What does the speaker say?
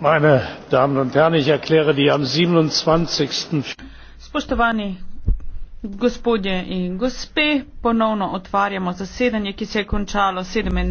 meine damen und herren ich erkläre die am. siebenundzwanzig spoštovani gospodje in gospe ponovno otvarjamo zasedanje ki se je končalo oziroma.